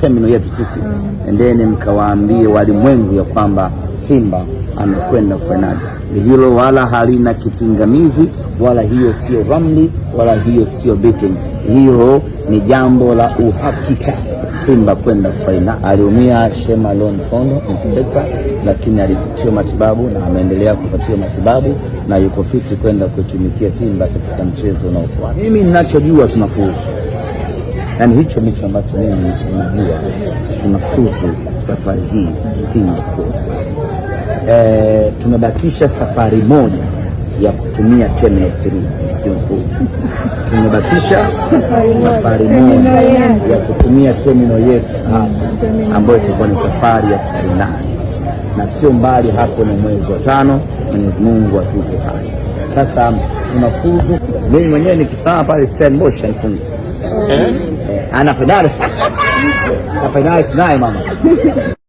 terminal yetu sisi, endeni mkawaambie walimwengu ya kwamba Simba amekwenda fainali. Hilo wala halina kipingamizi, wala hiyo sio ramli, wala hiyo sio beating. Hiyo ni jambo la uhakika, Simba kwenda fainali. Aliumia Shema Lon Fondo inspekta, lakini alipatiwa matibabu na ameendelea kupatiwa matibabu na yuko fiti kwenda kuitumikia Simba katika mchezo unaofuata. Mimi ninachojua tunafuzu Yani hicho ndicho ambacho mimi najua tunafuzu safari hii Simba Sports Club. E, tumebakisha safari moja ya kutumia ya 3 sio kuu. Tumebakisha safari moja ya kutumia terminal yetu hapa ambayo itakuwa ni safari ya safari na sio mbali hapo, ni mwezi wa tano. Mwenyezi Mungu atupe hai. Sasa tunafuzu, mimi mwenyewe nikisaa pale Stellenbosch haifungi eh? Anak, final. Sa final, na eh, mama.